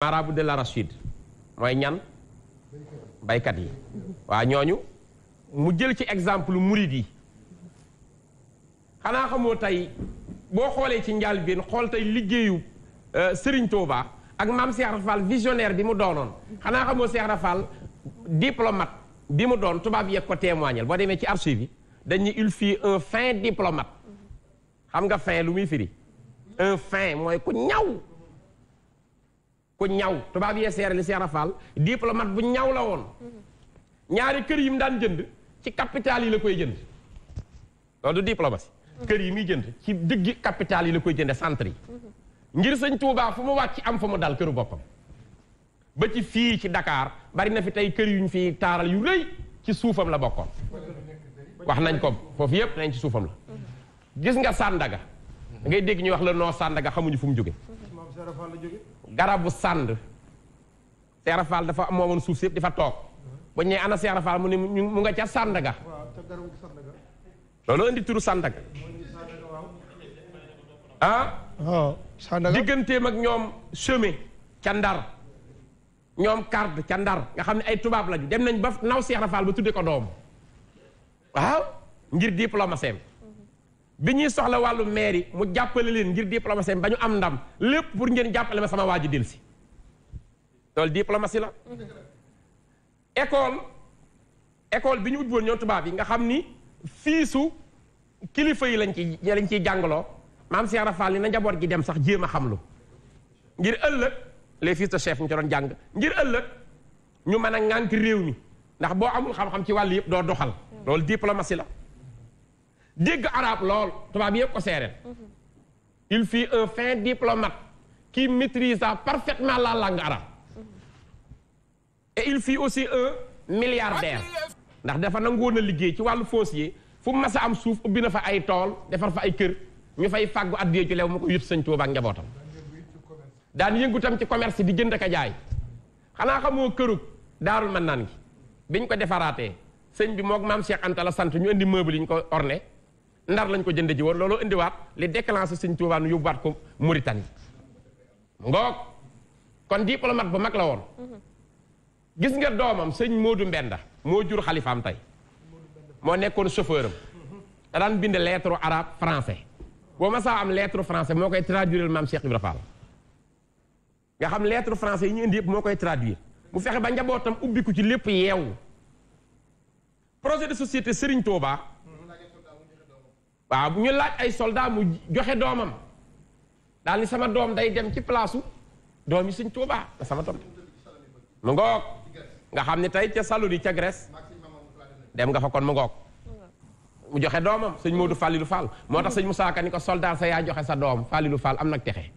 marabout de l'arachide mooy ñan baykat yi waa ñooñu mu jël ci exemple murid yi xanaa xamoo tey boo xoolee ci njaal biin xool tey liggéeyu euh, Serigne Touba ak maam Cheikh Rafal visionnaire bi mu doonoon xanaa xamoo Cheikh Rafal diplomate bi mu doon tubaab yeeg ko témoignal boo demee ci archive yi dañuy il fut un fin diplomate xam nga fin lu muy firi un fin mooy ku ñaw ku ñaw tubaab yee seere li seera faal diplomate bu ñaw la woon ñaari kër yi mu daan jënd ci capital yi la koy jënd loolu du diplomatie kër yi muy jënd ci diggi capital yi la koy jënde centre yi ngir sëñ Tuubaa fu mu wàcc am fa mu dal këru boppam ba ci fii ci Dakar bari na fi tey kër yuñ fi taaral yu rëy ci suufam la bokkoon wax nañ ko foofu yëpp nañ ci suufam la gis nga Sandaga ngay dégg ñuy wax la noo Sandaga xamuñu fu mu jóge garabu sànd Seera dafa moomoon suuf si dafa toog bu ñu nee ana Seera mu ne mu nga ca Sandaga loolu indi turu Sandaga ah? oh, ak ñoom chemin ca Ndar ñoom card ca Ndar nga xam ne ay tubaab lañu dem nañ ba naw Seera Faal ba tuddee ko doom waaw ngir diplomatie bi ñuy soxla wàllu mairie mu jàppale leen ngir diplomatie ba ñu am ndam lépp pour ngeen jàppale ma sama waa ji delsi loolu diplomatie la école école bi ñu ubbi woon ñoom tubaab yi nga xam ni fiisu kilifa yi lañ ci lañ ciy jàngaloo maam Cheikh Rafal ni na njaboot gi dem sax jéem a xam lu ngir ëllëg les fils de chef ñu ci doon jàng ngir ëllëg ñu mën a ŋànk réew mi ndax boo amul xam-xam ci wàll yëpp doo doxal loolu diplomatie la dégg arabe lool tubaab yëpp ko seereel mm-hmm. il fut un fin diplomate qui maîtrisa parfaitement la langue arabe mm-hmm. il fut aussi un milliardaire ndax na ngoon a liggéey ci wàllu foncier fu mu mas a am suuf ubbi na fa ay tool defar fa ay kër ñu fay fàggu addiyee ci lew mu ko yëpp sëñ Tuuba ak njabootam daan yëngu tam ci commerce di jënd ka jaay xanaa xamoo kërug daarul mannaan gi biñ ko defaraatee sëñ bi mook maam Cheikh Anta sant ñu indi meuble yi ñu ko orne ndar lañ ko jënd ji woon looloo indiwaat li déclenché sëñ Tuubaa nu yóbbuwaat ko Mauritanie ngoog kon diplomate bu mag la woon mhm. gis nga doomam sëñ Modou Mbenda moo jur xalifaam tey moo nekkoon chauffeur am da daan bind lettre arabe français boo ma saa am lettre français moo koy traduire maam Cheikh Ibra Fall nga xam lettre français yi ñu indi yëpp moo koy traduire mu fexe ba njabootam ubbiku ci lépp yeewu projet de société Serigne Touba. waaw ñu laaj ay soldaar mu joxe doomam daal ni sama doom day dem ci palaasu doom yi suñ Tuubaa la sama doom mu ngoog nga xam ni tey ca Saloni ca Grèce dem nga fa kon mu ngoog mu joxe doomam sëñ Modou Fallilou Fall moo tax sëñ Moussa Ka ni ko soldat sa yaa joxe sa doom Fallilou Fall am nag texe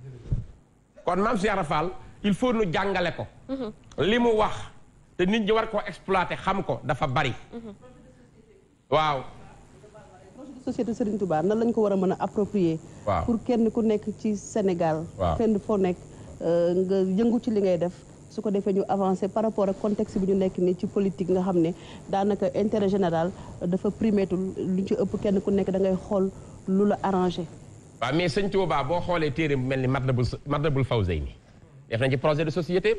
kon maam Cheikh il faut nu jàngale ko mhm. li mu wax te nit ñi war koo exploiter xam ko dafa bari mhm. waaw société Serigne Touba nan lañ ko war a mën a approprier pour kenn ku nekk ci Sénégal fenn foo nekk euh, nga yëngu ci li ngay def su ko defee ñu avancer par rapport ak contexte bi ñu nekk nii ci politique nga xam ne daanaka intérêt général dafa primétul lu ci ëpp kenn ku nekk da ngay xool lu la arrangé waaw mais sëñ Touba boo xoolee téere bu mel ni bul Matlabul Matlabul Fawzayni def nañ ci projet de société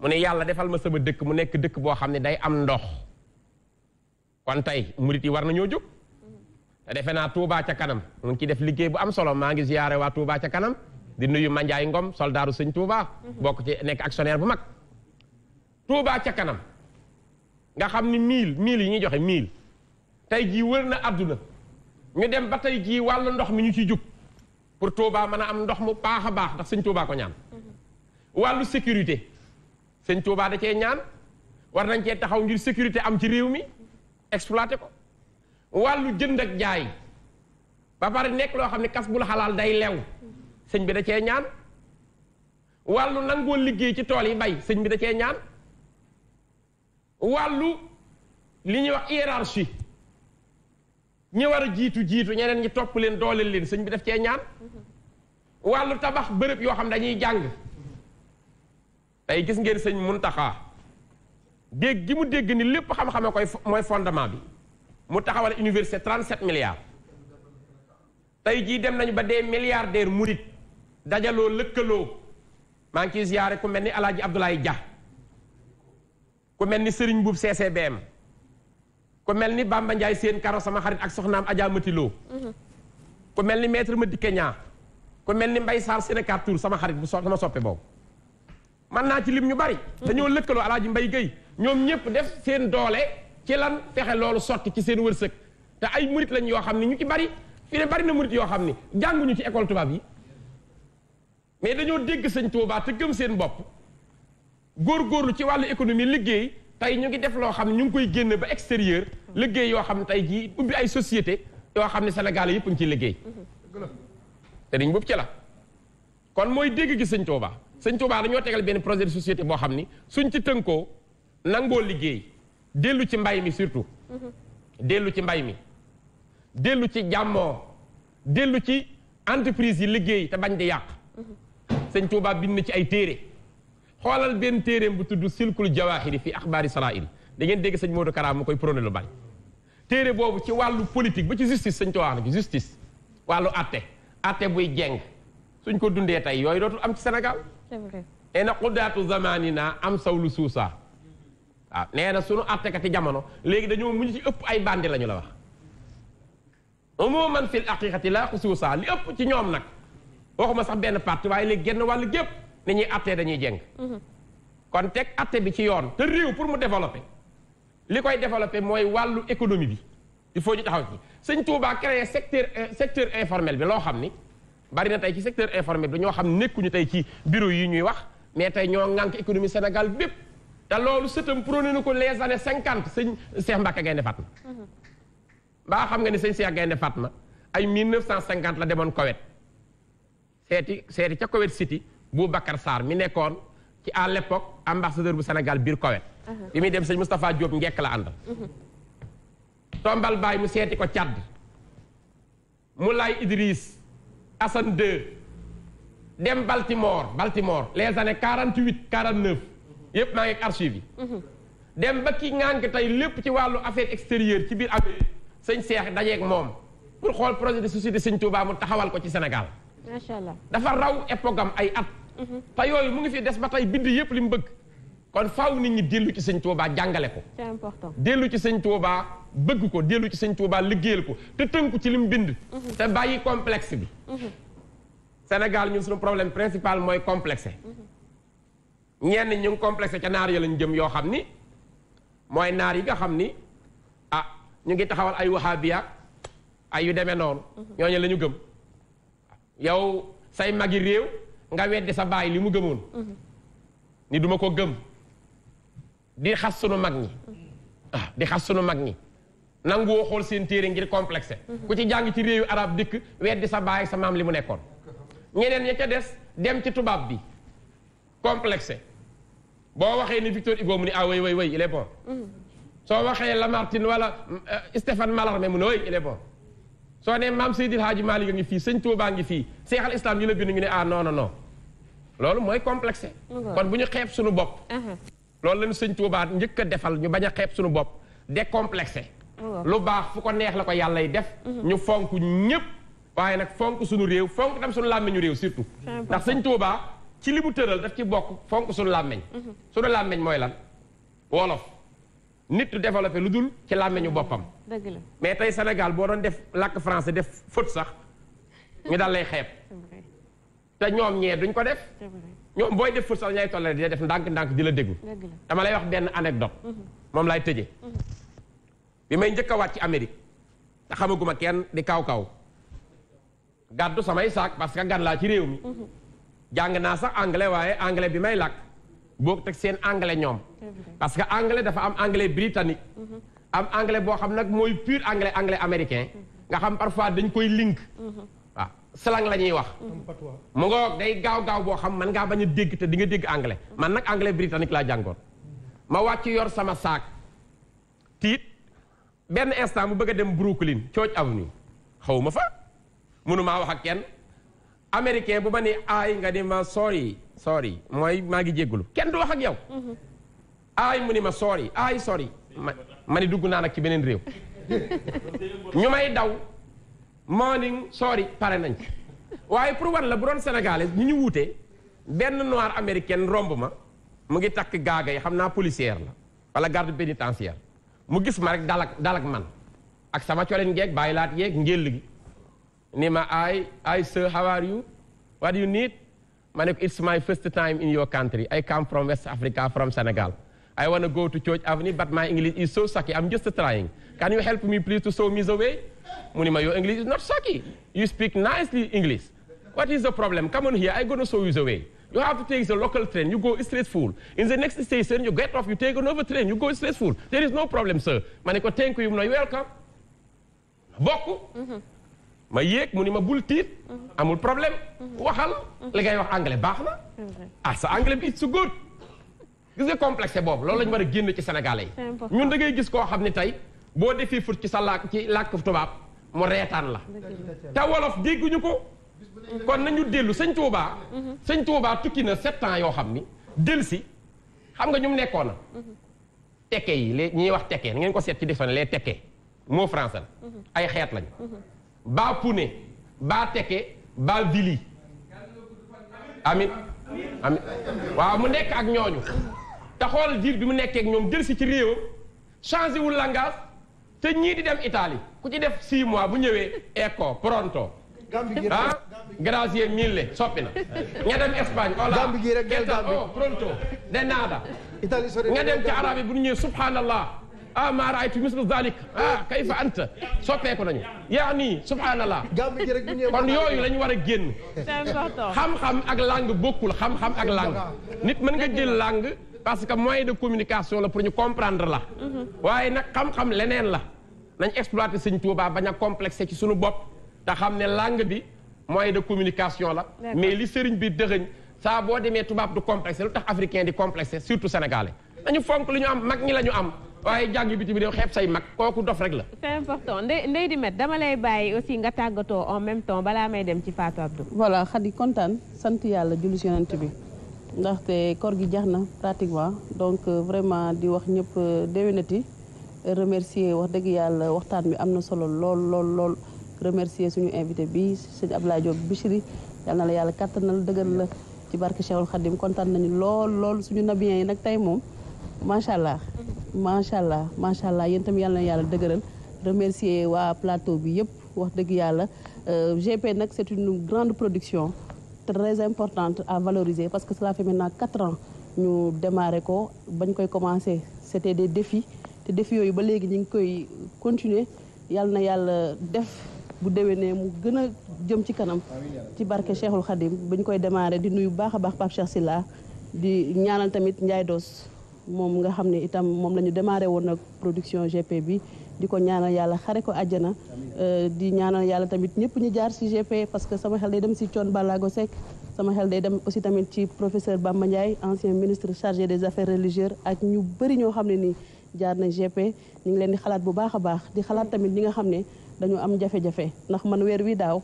mu ne yàlla defal ma sama dëkk mu nekk dëkk boo xam ne day am ndox kon tey war nañoo jóg defe naa Touba ca kanam mu ngi ciy def liggéey bu am solo maa ngi ziyaare waa Touba ca kanam di nuyu Mandiaye Ngom soldaaru sëñ Touba. bokk ci nekk actionnaire bu mag. Touba ca kanam nga xam ni miil mille yi ñuy joxe mille tey jii wër na àdduna ñu dem ba tey jii wàllu ndox mi ñu ci jub pour Touba mën a am ndox mu baax a baax ndax sëñ Touba ko ñaan. wàllu sécurité sëñ Touba da cee ñaan war nañ cee taxaw ngir sécurité am ci réew mi exploité ko. wàllu jënd ak jaay ba pare nekk loo xam ne kas bul xalaal day lew sëñ bi da cee ñaan wàllu nangoo liggéey ci tool yi bay sëñ bi da cee ñaan wàllu li ñuy wax hiérarchie ñi war a jiitu jiitu ñeneen ñi topp leen dooleel leen sëñ bi def cee ñaan wàllu tabax bërëb yoo xam dañuy jàng day gis ngeen sëñ Muntaxa dégg gi mu dégg ni lépp xam-xame xam koy mooy fondement bi mu taxawal université 37 milliards tey jii dem nañu ba des milliardaires murit dajaloo lëkkaloo maa ngi ku mel ni El Hadj Abdoulaye ku mel ni Serigne Boub CCBM ku mel ni Bamba Ndiaye seen karo sama xarit ak soxnaam Adja Matiloo mm-hmm. ku mel ni maître Madické Niang ku mel ni Mbaye Sarr Sénégal Tour sama xarit bu so sama soppe boobu mën naa ci lim ñu bari mm-hmm. dañoo lëkkaloo El mbay Mbaye Guèye ñoom ñëpp def seen doole ci lan fexe loolu sotti ci seen wërsëg te ay murit lañ yoo xam ne ñu ci bari fi ne bari na murit yoo xam ne jànguñu ci école tubaab yi mais dañoo dégg sëñ Tuubaa te gëm seen bopp góor góorgóorlu ci wàllu économie liggéey tey ñu ngi def loo xam ne ñu ngi koy génn ba extérieur liggéey yoo xam ne tey jii ubbi ay societé yoo xam ne Sénégal yëpp ngi ciy liggéey te dañ boobu ci la kon mooy dégg gi sëñ Tuubaa sëñ Tuubaa dañoo tegal benn projet de société boo xam ni suñ ci tënkoo nangoo liggéey dellu ci mbay mi surtout mm-hmm. dellu ci mbay mi dellu ci jàmmoo dellu ci entreprise yi liggéey te bañ di yàq mm-hmm. sëñ Tuubaa bind na ci ay téere xoolal benn téereem bu tudd silkul jawahiri fi axbaari sarail da ngeen dégg sëñ Modou Kara mu koy prôné lu bari téere boobu ci wàllu politique bu ci justice sëñ Tuubaa na ci justice wàllu atte atte buy jeng suñ ko dundee tey yooyu dootul am ci Sénégal te na xuddaatu naa am sawlu suusa waaw ah, nee na sunu àttekati jamono léegi dañoo mujj ci ëpp ay bandi lañu la wax umuman fil haqiqati la saa li ëpp ci ñoom nag waxuma sax benn parti waaye léegi genn wàllu gépp ni ñuy attee dañuy jeng mhm. kon teg atte bi ci yoon te réew pour mu développé li koy développé mooy wàllu économie bi il faut ñu taxaw ci sëñ Touba créé secteur euh, secteur informel bi loo xam ni bari na tey ci secteur informel bi ñoo xam nekkuñu tey ci bureau yi ñuy wax mais tey ñoo ŋànk économie Sénégal bépp te loolu sëtam prôné na ko les années cinquante sëñ Cheikh Mbacke Gaynde Fatma mbaa xam nga ne sëñ Cheikh Gaynde Fatma ay mille neuf cent la demoon Koweït seeti seeti ca Koweït City Boubacar Sarr mi nekkoon ci à l'époque ambassadeur bu senegal biir Koweït uh-huh. bi muy dem sëñ Moustapha Diop ngekk la àndal uh-huh. tombal baay mu seeti ko Tchad Moulay Idriss Assane II dem Baltimore Baltimore les anne quarante huit quarante neuf yëpp maa ngi ak archive yi. Mhm. dem ba ki ŋànk tey lépp ci wàllu affaire extérieure ci biir Amérique sëñ Seex dajeek moom pour xool projet de société sëñ Touba mu taxawal ko ci Sénégal. macha dafa raw époque ay at. Mhm. te yooyu mu ngi fi des ba tey bind yëpp li mu bëgg. kon faaw nit ñi dellu ci sëñ Touba jàngale ko. c'est dellu ci sëñ Touba bëgg ko dellu ci sëñ Touba liggéeyal ko te tënku ci li mu bind. Mhm. te bàyyi complexe bi. Sénégal ñun suñu problème principal mooy complexe. ñenn ñu ngi complexé ca naar ya lañ jëm yoo xam ni mooy naar yi nga xam ni a ah, ñu ngi taxawal ay wahabiyaak ay yu demee noonu. Mhm. ñooñu lañu gëm. yow say mag magi réew nga weddi sa baay li mu gëmoon. Mhm. ni duma ko gëm. di xas sunu mag ñi. Mhm. ah di xas sunu mag ñi. nanguwoo xool seen téere ngir complexé. ku ci jàng ci réewu arab dikk weddi sa baay sa maam li mu nekkoon. ñeneen ña ca des dem ci tubaab bi complexé. boo waxee ni Victor Hugo mu ni ah oui oui oui il est bon. Mm-hmm. soo waxee Lamartine wala euh, Stéphane Mallarmé mu ne oui il est bon. soo ne maam Seydil Hadji Malick a ngi fii sëñ Touba ngi fii Cheikh al Islam ñu la bind ñu ne ah non non non loolu mooy complexe. Mm-hmm. kon bu ñu xeeb suñu bopp. Mm-hmm. loolu lañu sëñ Touba njëkk a defal ñu bañ a xeeb suñu bopp décomplexé. lu baax fu ko neex la ko yàllay def. ñu fonk ñëpp waaye nag fonk suñu réew fonk tam suñu làmmiñu réew surtout. ndax sëñ Touba. ci li mu ci bokk fonk suñu làmmeñ suñu làmmeñ mooy lan wolof nit du développé lu dul ci làmmeñu boppam mais tey Sénégal boo doon def làkk français def faute sax ñu daal lay xeeb te ñoom ñee duñ ko def ñoom booy def faute sax ñay tolle di def ndànk-ndànk di la déglu dama lay wax benn anecdote mhm. moom lay tëje mhm. bi may njëkk a ci Amérique te xamaguma kenn di kaw kaw gàddu samay saak parce que gan laa ci réew mi mhm. jàng naa sax anglais waaye anglais bi may làkk boo teg seen anglais ñoom parce que anglais dafa am anglais britannique mhm. am anglais boo xam nag mooy pur anglais anglais américain mhm. nga xam parfois dañ koy link mhm. waaw slang la ñuy wax mu nga day gaaw-gaaw boo xam man ngaa bañ dégg te di nga dégg anglais man nag anglais britannique laa jàngoon ma wàcc yor sama saak tiit benn instant bu bëgg a dem Brooklyn Church Avenue xaw ma fa mënumaa wax ak kenn americain bu ma ni aay nga ni ma sorry sorry mooy maa ngi jéggulu kenn du wax ak yow mm-hmm. aay mu ni ma sorry aay sorry ma ni dugg naa nag ci beneen réew ñu may daw morning sorry pare nañ waaye pour war la bu doon sénégalais ñu ñu wuute benn noir américaine romb ma mu ngi takk gaaga yi xam naa policière la wala garde pénitentiaire mu gis ma rek dalak dalak man ak sama coleen geeg bàyyi laat yeeg njëll gi ni ma ay ay sir how are you what do you need ma ne ko it's my first time in your country I come from West Africa from Senegal I want to go to Church Avenue but my English is so sucky I'm just trying can you help me please to show me the way mu ni ma your English is not sucky you speak nicely English what is the problem come on here I gonna show you the way you have to take the local train you go straight full in the next station you get off you take another train ma ne ko thank you mu ne ma yéeg mu ni ma bul tiit amul problème waxal la ngay wax anglais baax na ah sa anglais bi su góor gis nga complexe boobu loolu la war a génn ci sénégalais yi ñun da ngay gis koo xam ne tey boo defee fut ci sa làkk ci làkk tubaab mu reetaan la te wolof dégguñu ko kon nañu dellu sëñ Touba sëñ Touba tukki na sept ans yoo xam ni dellu si xam nga ñu mu nekkoon na tekke yi les ñuy wax tekkee na ngeen ko seet ci defan les tekkee moo français la mhm. ay xeet lañu mhm. baa Pune baa Teke baa Vili amit waaw mu nekk ak ñooñu te xool diir bi mu nekkee ak ñoom jël si ci réewam changé wul langage te ñii di dem Italie ku ci def 6 mois bu ñëwee ecco pronto ah grazie mille soppi na nga dem Espagne ola geta o pronto de nada nga dem ci arabe bu ñu ñëwee subhanallah ah maa raaytu mislu zalik ah kayfa anta soppeeku nañu yaa nii subhanallah kon yooyu lañu war a génn xam-xam ak langue bokkul xam-xam ak langue nit mën nga jël làng parce que moyen de communication la pour ñu comprendre la mhm. waaye nag xam-xam leneen la nañ exploiter sëñ Tuubaa bañ a complexé ci suñu bopp te xam ne langue bi moyen de communication la mais li sëriñ bi dëxëñ saa boo demee tubaab du complexé lu tax africain di complexé surtout sénégalais dañu fonk li la ñu am waaye jàng bitim réew xeeb say mag kooku dof rek la. c'est important ndey ndey di met dama lay bàyyi aussi nga tàggatoo en même temps balaa may dem ci Fatou Abdou. voilà xadi kontaan sant yàlla julli si yonent bi ndaxte koor gi jax na pratiquement donc euh, vraiment di wax ñëpp euh, déwénati remercier wax dëgg yàlla waxtaan bi am na solo lool lool lool remercier suñu invité bi sëñ Abdoulaye Diop Bichri yal na la yàlla kattanal dëggal la ci barke Cheikhul Khadim kontaan nañu lool lool suñu nabiyen yi nag tey moom macha allah. macha allah macha allah yéen itam yàlla na yàlla dëgëral remercier waa plateau bi yëpp wax dëgg yàlla euh, GP nag c'est une grande production très importante à valoriser parce que cela fait maintenant quatre ans ñu démarré ko bañ koy commencer c'était des défis te défis yooyu ba léegi ñu ngi koy continuer yàlla na yàlla def bu ne mu gën a jëm ci kanam ci barke Cheikhul Khadim bañ koy démarré di nuyu baax a baax Pape Cheikh Sylla di ñaanal tamit Ndiaye Dos moom nga xam ne itam moom lañu ñu woon ak production GP bi di ko ñaanal yàlla xare ko àjjana euh, di ñaanal yàlla tamit ñëpp ñu jaar ci GP parce que sama xel day dem ci Thione Ballago Seck sama xel day dem aussi tamit ci professeur Bamba Ndiaye ancien ministre chargé des affaires religieuses ak ñu bëri ñoo xam ne nii jaar na GP ñu ngi leen di xalaat bu baax a baax di xalaat tamit ñi nga xam ne dañu am jafe-jafe ndax man weer wi daaw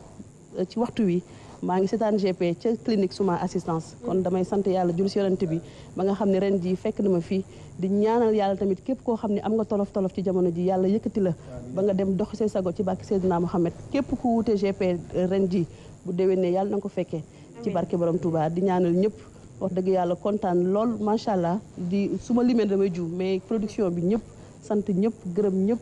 ci waxtu wi maa ngi seetaan GP ca clinique suma assistance kon damay sant yàlla jul si yonent bi ba nga xam ne ren ji fekk na ma fii di ñaanal yàlla tamit képp koo xam ne am nga tolof tolof ci jamono ji yàlla yëkkati la ba nga dem dox see sago ci bàkki Seydina Mohamed képp ku wute GP euh, ren ji bu ne yàlla na ko fekkee ci barke borom tubaab di ñaanal ñëpp wax dëgg yàlla kontaan lool macha allah di suma ma limee damay jiw mais production bi ñëpp sant ñëpp gërëm ñëpp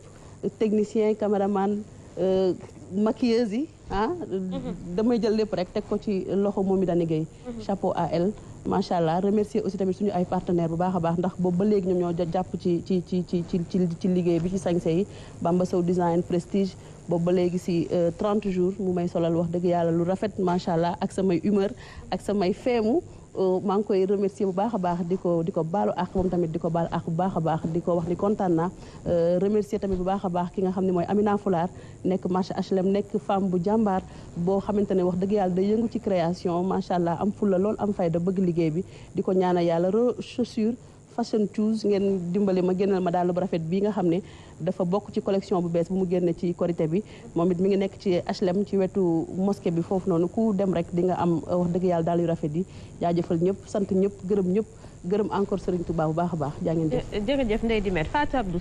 technicien caméraman euh, maquilleuse yi ah. Mhm. damay jël lépp rek teg ko ci loxo moom mi Dani Guèye. Mhm. chapeau à elle macha allah remercier aussi tamit suñu ay partenaires bu baax a baax ndax boobu ba léegi ñoom ñoo jàpp ci ci ci ci ci ci liggéey bi ci sañse yi Bamba Sow design prestige. boobu ba léegi si 30 euh, jours mu may solal wax dëgg yàlla lu rafet macha allah ak samay humeur ak samay feemu. Euh, maa ngi koy remercier bu baax a baax di ko di ko baalu ak moom tamit di ko baal ak bu baax a baax di ko wax ni kontaan naa euh, remercier tamit bu baax a baax ki nga xam ne mooy Amina fulaar nekk marché HLM nekk femme bu jàmbaar boo xamante ne wax dëgg yàlla day yëngu ci création macha allah am fulla lool am fayda bëgg liggéey bi di ko ñaanal yàlla re chaussure fashion choose ngeen dimbali ma génnal ma daal bu rafet bi nga xam ne dafa bokk ci collection bu bees bu mu génne ci korité bi moom it mi ngi nekk ci HLM ci wetu mosquée bi foofu noonu ku dem rek di nga am euh, wax dëgg yàlla daal yu rafet yi jaajafal ñëpp sant ñëpp gërëm ñëpp gërëm encore Serigne Touba bu baax a baax jaa ngeen jëf euh, jërëjëf Ndeye Dimet Fatou Abdou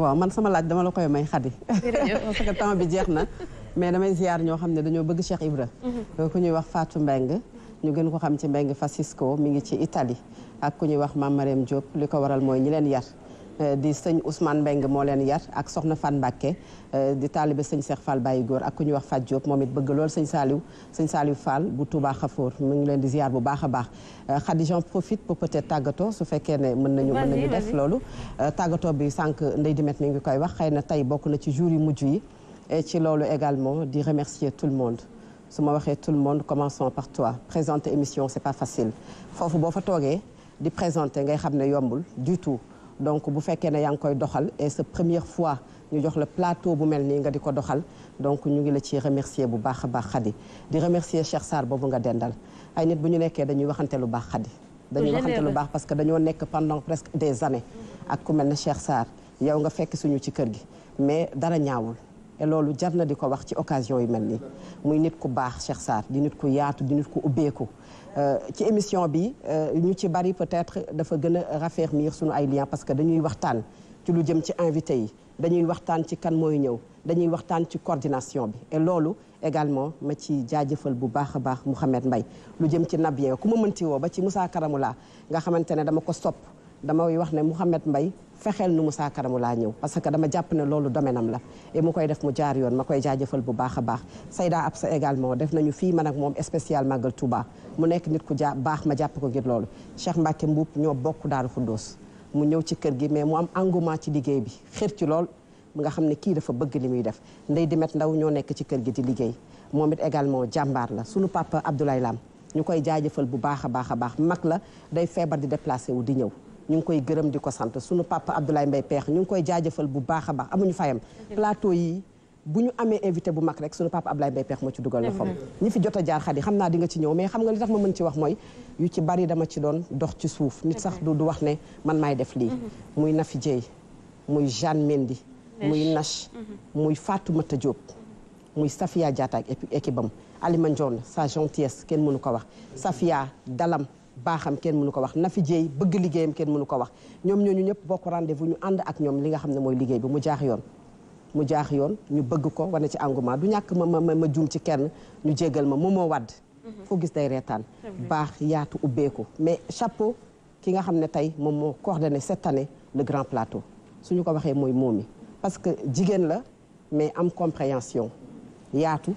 waaw man sama laaj dama la koy may xadi parce que temps bi jeex na mais damay ziar ñoo xam ne dañoo bëgg Cheikh Ibra mhm. euh, ku ñuy wax Fatou Mbeng mhm. ñu gën ko xam ci Mbeng Francisco mi ngi ci Italie ak ku ñuy wax Mame Mariam li ko waral mooy ñi leen yar eh, di sëñ Ousmane Mbeng moo leen yar ak soxna Fan Mbàkke eh, di taalibe sëñ Cheikh Fall bàyyi Góor ak ku ñuy wax Fat Diop moom it bëgg lool sëñ Saliou sëñ Saliou Fall bu Touba Khafour mu ngi leen di ziar bu baax a baax eh, Khady j'en profite pour peut-être tàggatoo su fekkee ne mën nañu mën nañu def loolu tàggatoo bi sànq Ndey Dimet mi ngi koy wax xëy na tey bokk na ci jour yu mujj yi et ci loolu également di remercier tout le monde su ma waxee tout le monde commençons par toi présenter émission c'est pas facile foofu boo fa toogee di présenter ngay xam ne yombul du tout donc bu fekkee ne yaa ngi koy doxal et sa première fois ñu jox la plateau bu mel nii nga di ko doxal donc ñu ngi la ci remercier bu baax a baax xadi di remercier Cheikh Sarr boobu nga dendal ay nit bu ñu nekkee dañuy waxante lu baax xadi dañuy waxante lu baax parce que dañoo nekk pendant presque des années ak ku mel ne Cheikh Sarr yow nga fekk suñu ci kër gi mais dara ñaawul et loolu jar na di ko wax ci occasion yi mel nii muy nit ku baax Cheikh saar di nit ku yaatu di nit ku ubbeeku euh, ci émission bi euh, ñu ci bari peut-être dafa gën a raffermir suñu ay liens parce que dañuy waxtaan ci lu jëm ci invité yi dañuy waxtaan ci kan mooy ñëw dañuy waxtaan ci coordination bi et loolu également ma ci jaajëfal bu baax a baax Mouhamed mbay lu jëm ci nabien ku ma mënti woo ba ci Moussa laa nga xamante ne dama ko sopp damay wax ne Mouhamed Mbaye fexeel nu Moussa Karamu laa ñëw parce que dama jàpp ne loolu domaine am la et mu koy def mu jaar yoon ma koy jaajëfal bu baax a baax Sayda Absa également def nañu fii man ak moom spécial Magal Touba mu nekk nit ku ja baax ma jàpp ko ngir loolu Cheikh Mbacke Mbuub ñoo bokk Daaru Xuddoos mu ñëw ci kër gi mais mu am engouement ci liggéey bi xër ci lool mu nga xam ne kii dafa bëgg li muy def ndey di met ndaw ñoo nekk ci kër gi di liggéey moom it également jàmbaar la sunu papa Abdoulaye Lam ñu koy jaajëfal bu baax a baax a baax mag la day feebar di déplacé wu di ñëw ñu ngi koy gërëm di ko sant suñu papa Abdoulaye mbay Peex ñu ngi koy jaajëfal bu baax a baax amuñu fayam plateau yi bu ñu amee invité bu mag rek suñu papa Abdoulaye Mbaye Peex moo ci dugal loxoom ñi fi jot a jaar xadi xam naa di nga ci ñëw mais xam nga li tax ma mën ci wax mooy yu ci bari dama ci doon dox ci suuf nit sax du du wax ne man maay def lii mhm. muy Nafi Dieye muy Jeanne Mendy muy Nach mhm. muy Fatoumata Diop mhm. muy Safia Diatta ak équipe am Alima Ndione sa gentillesse kenn mënu ko wax Safia dalam baaxam kenn mënu ko wax na fi jéey bëgg liggéeyam kenn mënu ko wax ñoom ñooñu ñëpp bokk rendez-vous ñu ànd ak ñoom li nga xam ne mooy liggéey bi mu jaax yoon mu jaax yoon ñu bëgg ko wane ci engouement du ñàkk ma ma ma juum ci kenn ñu jéggal ma moom moo wadd foo mhm. gis day reetaan baax yaatu ubbeeku mais chapeau ki nga xam ne tey moom moo coordonné cette année le grand plateau suñu ko waxee mooy moom moomi parce que jigéen la mais am compréhension yaatu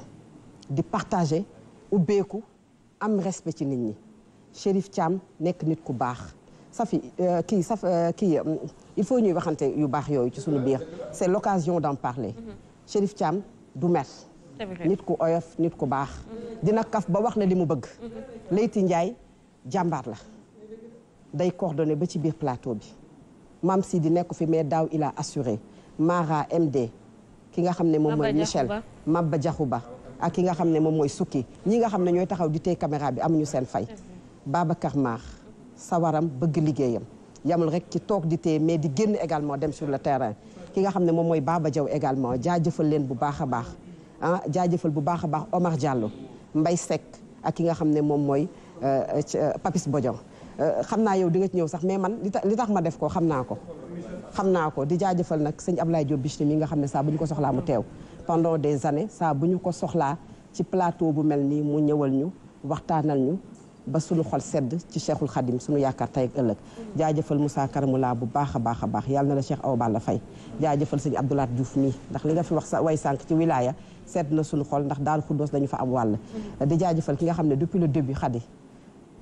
di partager ubbeeku am respect ci nit ñi Chérif Thiam nekk nit ku baax safi euh, kii saf euh, kii euh, il faut ñuy waxante yu baax yooyu ci suñu biir c'est l'occasion d'en parler mm-hmm. Chérif Thiam du mer nit ku oyof nit ku baax mm-hmm. dina kaf ba wax na li mu bëgg mm-hmm. Leyti Ndiaye jàmbaar la day coordonné ba ci biir plateau bi maam si di nekk fi mais daaw il a assuré Mara MD ki nga xam ne moom mooy Michel Mabba Jaxu Ba ak ki nga xam ne moom mooy Sukki ñi nga xam ne ñooy taxaw di tey caméra bi amuñu seen fay Babacar Mar sawaram bëgg liggéeyam yamul rek ci toog di téye mais di génn également dem sur le terrain ki nga xam ne moom mooy Baba Diaw également jaajëfal leen bu baax a baax ah jaajëfal bu baax a baax Omar Diallo Mbaye Seck ak ki nga xam ne moom mooy euh, euh, euh, Papis Bodian xam naa yow di nga ci ñëw sax mais man li tax ma def ko xam naa ko xam naa ko di jaajëfal nag sëñ Ablaye Diop Bichri mi nga xam ne saa bu ñu ko soxlaa mu teew pendant des années saa bu ñu ko soxlaa ci plateau bu mel nii mu ñëwal ñu waxtaanal ñu ba suñu xol sedd ci cheikhul xadim suñu yaakaar tey ak ëllëg jaajëfal Moussa Karamu laa bu baax a baax a baax yàlla na la cheikh aw balla fay jaajëfal sëñ Abdoulaat Diouf mii ndax li nga fi wax sa way sànq ci wilaya sedd na suñu xol ndax daal xuddoos dañu fa am wàll mm-hmm. di jaajëfal ki nga xam ne depuis le début xadi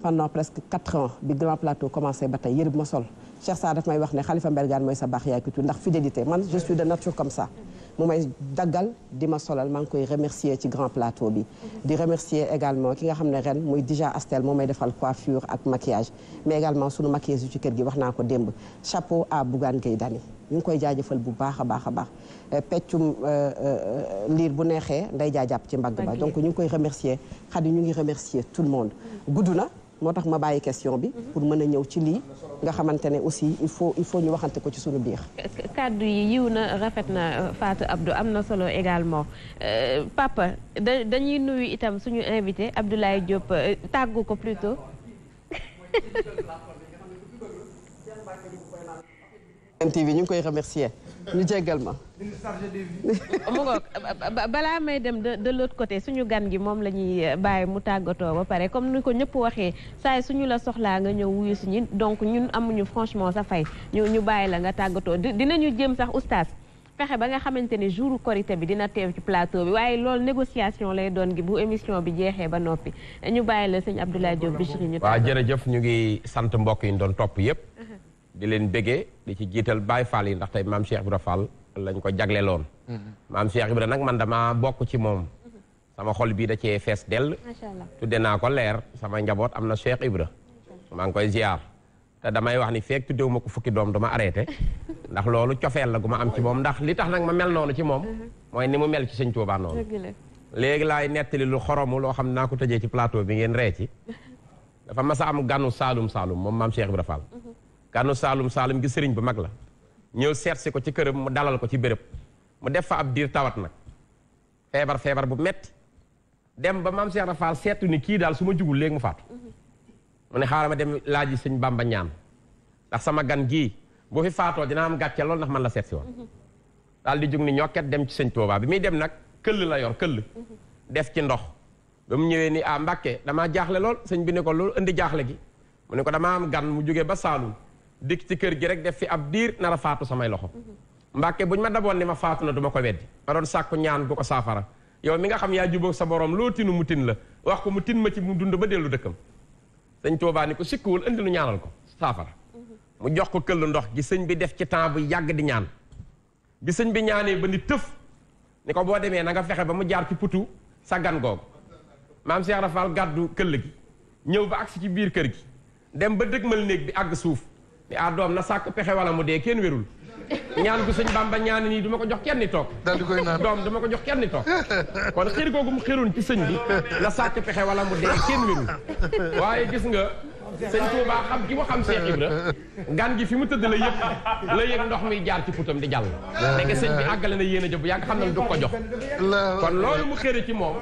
pendant presque quatre ans bi grand plateau commencé ba tey yërëb ma sol cheikh sa daf may wax ne xalifa mbergaan mooy sa baax yaay couture ndax fidélité man je suis de nature mu may daggal di ma solal maa ngi koy remercier ci grand plateau bi. di remercier également ki nga xam ne ren muy déjà Astel moo may defal coiffure ak maquillage mais également sunu maquillage yu ci kër gi wax naa ko démb chapeau à Bougane Gueye Dany ñu ngi koy jaajëfal bu baax a baax a baax euh, peccum euh, euh, liir bu neexee nday jaajàpp ci mbagg ba donc ñu ngi koy remercier xadi ñu ngi remercier tout le monde gudd na. moo tax ma bàyyi question bi mhm. pour mën a ñëw ci lii nga xamante ne aussi il faut il faut ñu waxante ko ci suñu biir kàddu yi yiw na rafet na euh, Fatou Abdou am na solo également euh, papa da dañuy nuyu itam suñu invité Abdoulaye Diop euh, tàggu ko plutôt TV ñu ngi koy remercier ñu jéggal ma. mu ngoog balaa may dem de de l'autre côté suñu gan gi moom la ñuy euh, bàyyi mu tàggatoo ba pare comme ni ko ñëpp waxee saay suñu la soxlaa nga ñëw wuyu suñu donc ñun amuñu franchement sa fay ñu ñu bàyyi la nga tàggatoo dina ñu jéem sax oustaz fexe ba nga xamante ne jouru korité bi dina teew ci plateau bi waaye loolu négociation lay doon gi bu émission bi jeexee ba noppi ñu bàyyi la sëñ Abdoulaye Diop bi ñu. waaw ñu ngi sant mbokk yi ñu doon topp yëpp. di leen bégee di ci jiital baay Fall yi ndax tey maam Cheikh Ibra Fall lañ ko loon mm-hmm. maam Cheikh Ibra nag man dama bokk ci moom. Mm-hmm. sama xol bii da cee fees dell. macha allah tudde naa ko leer sama njaboot am na Cheikh Ibra. maa ngi koy ziar. te damay wax ni feek tuddewu ma ko fukki doom dama arrêté ndax loolu cofeel la gu ma am ci moom ndax li tax nag ma mel noonu ci moom mm-hmm. mooy ni mu mel ci sëñ Tuubaa noonu léegi laay nettali lu xoromu loo xam naa ko tëjee ci plateau bi ngeen ree ci dafa mas a am ganu saalum saalum moom maam Cheikh Ibra kanu saalum saalum gi sëriñ bu mag la ñëw seet si ko ci këram mu dalal ko ci béréb mu def fa ab diir tawat nag feebar feebar bu mett dem ba maam Cheikh Ibra seetu ni kii daal su ma jugul léegi mu faatu mu ne xaaral ma dem laaji sëñ Bamba ñaan ndax sama gan gii boo fi faatoo dinaa am gàcce lool ndax man la seet si woon daal di jug ni ñokket dem ci sëñ Tuubaa bi muy dem nag këll la yor këll def ci ndox ba mu ñëwee ni ah Mbàkke damaa jaaxle lool sëñ bi ne ko loolu indi jaaxle gi mu ne ko damaa ba Saalum dikk ci kër gi rek def fi ab diir nar a samay loxo mbàkke buñ ma daboon ni ma faatu na du ma ko weddi ma doon sàkku ñaan gu ko saafara yow mi nga xam yaa jubóog sa borom loo tinu mu tin la wax ko mu tin ma ci mu dund ba dellu dëkkam sëñ Tuubaa ni ko sikkuwul indi lu ñaanal ko saafara mu jox ko këll ndox gi sëñ bi def ci temps bu yàgg di ñaan bi sëñ bi ñaanee ba ni tëf ni ko boo demee na nga fexe ba mu jaar ci putu sa gan googu maam Cheikh Rafal gàddu këll gi ñëw ba agsi ci biir kër gi dem ba dëgmal néeg bi àgg suuf ah doom na sàkk pexe wala mu dee kenn wérul ñaan gu sëñ bamba ñaan nii du ma ko jox kenn ni toog daal di koy doom du ma ko jox kenn ni toog kon xir googu mu xiroon ci sëñ bi la sàkk pexe wala mu dee kenn wérul waaye gis nga sëñ Touba xam mu xam Cheikh Ibra gan gi fi mu tëdd la yëpp la yëg ndox mi jaar ci putam di jàll nekk sëñ bi àggale na yéen a jëb yàgg xam na du ko jox kon loolu mu xëre ci moom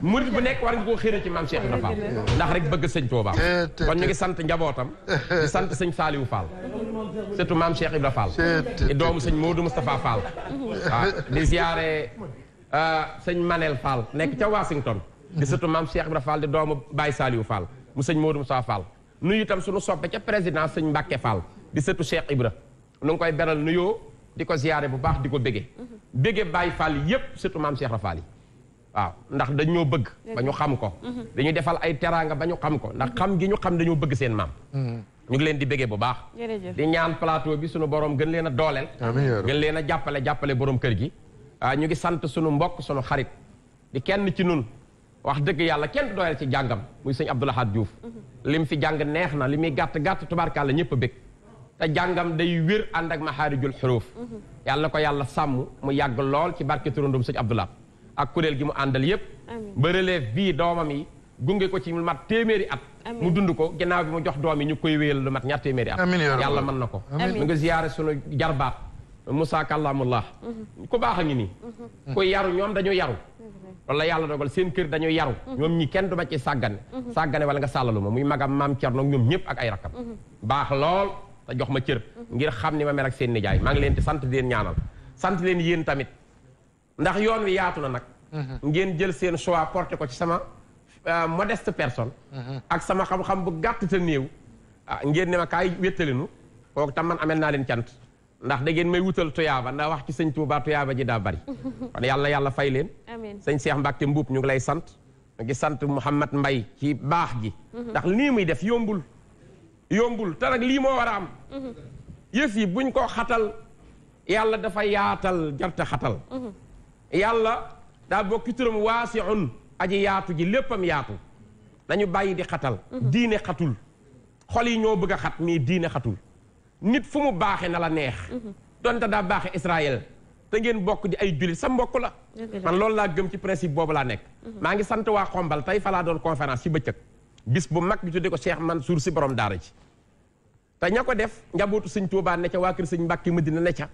murit nekk war nga koo xëre ci maam Cheikh Ibra Fall ndax rek bëgg sëñ Touba kon ñu ngi sant njabootam di sant sëñ Saliou Fall surtout maam Cheikh Ibra Fall di doomu sëñ Modou Moustapha Fall waaw ah, di ziare ah, sëñ Manel Fall nekk ca Washington di surtout maam Cheikh Ibra Fall di doomu Baye Saliou Fall mu sëñ Modou Moustapha nuyu itam suñu soppe ca président sëñ Mbàkke Fall di sëtu Cheikh Ibra nu ngi koy beral nuyoo di ko ziyaare bu baax di ko bége bége Baay Fall yépp surtout maam Cheikh Rafaal yi waaw ndax dañoo bëgg ba ñu xam ko dañuy defal ay teraanga ba ñu xam ko ndax xam gi ñu xam dañoo bëgg seen maam ñu ngi leen di bége bu baax di ñaan plateau bi suñu borom gën leen a dooleel gën leen a jàppale jàppale boroom kër gi ñu ngi sant suñu mbokk suñu xarit di kenn ci nun wax dëgg yàlla kenn du ci jàngam muy sëñ Abdou Lahad Diouf lim fi jàng neex na li muy gàtt gàtt tubaarkàlla ñëpp a bëgg te jàngam day wér ànd ak maxaarijul xuruuf yàlla ko yàlla sàmm mu yàgg lool ci barke turandum sëñ Abdou Lahad ak kuréel gi mu àndal yépp ba relève bii doomam yi gunge ko ci mu mat téeméeri at mu dund ko ginnaaw bi mu jox doom yi ñu koy wéyal lu mat ñaar téeméeri at yàlla mën na ko mu nga ziyaare sunu jarbaat Moussa Kallamullah mm-hmm. ku baax a ngi nii mm-hmm. ku ñoom dañu yaru wala yàlla dogal seen kër dañuy yaru mhm. ñoom ñi kenn du ma ci sàggane mhm. sàggane wala nga sàllalu ma muy magam maam Cerno ñoom ñëpp ak ay rakkam mhm. baax lool te jox ma cër ngir xam ni ma mel ak seen nijaay maa leen di sant di leen ñaanal sant leen yéen tamit ndax yoon wi yaatu na nag ngeen jël seen choix porté ko ci sama euh, modeste personne ak sama xam-xam bu gàtt te néew ah, ngeen ne ma kaay wéttalinu kooku tam man amel naa leen cant ndax da ngeen may wutal tuyaaba ndax wax ci sëñ Touba tuyaaba ji daa bari yàlla yàlla fay leen sëñ Cheikh Mbacke Mbuub ñu ngi lay sant ñu ngi sant Mouhamad Mbay ci baax gi mhm. ndax lii muy def yombul yombul te nag lii moo war a am mhm. yëf buñ ko xatal yàlla dafa yaatal jarta xatal mhm. yàlla daa bokki turam waasiun aji yaatu ji léppam yaatu nañu bàyyi di xatal diine xatul xol yi ñoo bëgg a xat mais diine xatul nit fu mu baaxee na la neex. Mhm. donte daa baaxee Israël te ngeen bokk di ay jullit sa mbokk la. man loolu laa gëm ci principe boobu laa nekk. Mhm. maa ngi sant waa Xombal tey fa laa doon conférence ci bëccëg. bis bu mag bi tuddee ko man suur si borom daara ji. te ña ko def njabootu sëñ Tuubaa ne ca waa kër sëñ Mbàkke Madina ne ca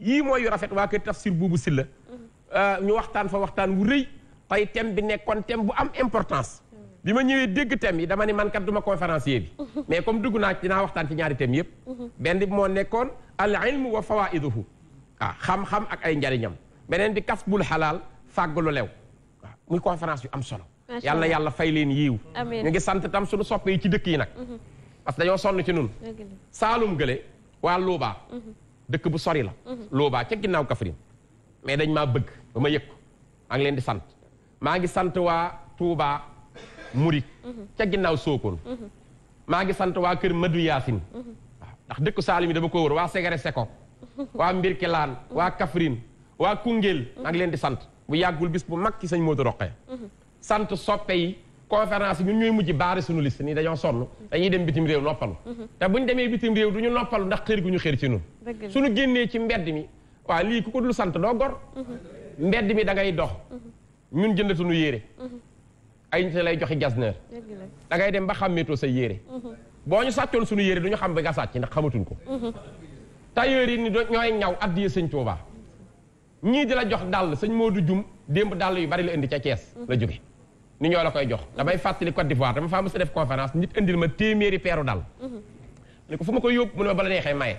yii mooy yu rafet waa kër tafsir buubu si la. Mhm. Euh, ñu waxtaan fa waxtaan wu rëy tey thème bi nekkoon thème bu am importance. bi ma ñëwee dégg thème yi dama ni man kat du ma conférencier bi mais comme dugg naa dinaa waxtaan ci ñaari thèmes yëpp mhm. benn bi moo nekkoon al ilmu wa fawaiduhu ah xam-xam ak ay njariñam beneen bi kas bul xalaal fàggalu lew waaw ah, muy conférence yu am solo yàlla na yàlla fay leen yiiw ñu ngi sant tam suñu soppe yi ci dëkk yi nag mhm. parce que dañoo sonn ci nun saalum gële waa Luubaa mhm. dëkk bu sori la Luubaa ca ginnaaw Kaffrine mais dañ maa bëgg ba ma yëg ko maa ngi leen di sant murik ca ginnaaw sookoon maa gi sant waa kër Madou Yacine ndax dëkku Saalum yi dama ko wër waa Ségéré Seko waa Mbirkilaan waa Kaffrine waa Koungheul ak leen di sant bu yàggul bis bu mag ci sëñ Modou Roqee sant soppe yi conférence ñun ñooy mujj baare suñu liste nii dañoo sonn dañuy dem bitim réew noppalu te buñ demee bitim réew du ñu noppalu ndax xër gu ñu xër ci ñun suñu génnee ci mbedd mi waa lii ku ko dul sant doo gor mbedd mi da ngay dox ñun jëndatuñu yére ay nit lay joxe jasneer da ngay dem ba xàmmeetoo sa yére mhm. boo ñu sàccoon suñu yére du ñu xam ba nga sàcc ndax xamatuñ ko mhm. tailleur yi ni ñooy ñaw addiye sëñ Tuuba ñii di la jox dàll sëñ Moodu Jum démb dàll yu bari la indi ca Thiès mhm. la jóge ni ñoo la koy jox damay fàttali Côte d'Ivoire dama faa mës sa def conférence nit indil ma téeméeri peeru dàll ni fu ma koy yóbbu mu ne ma bala neexee maye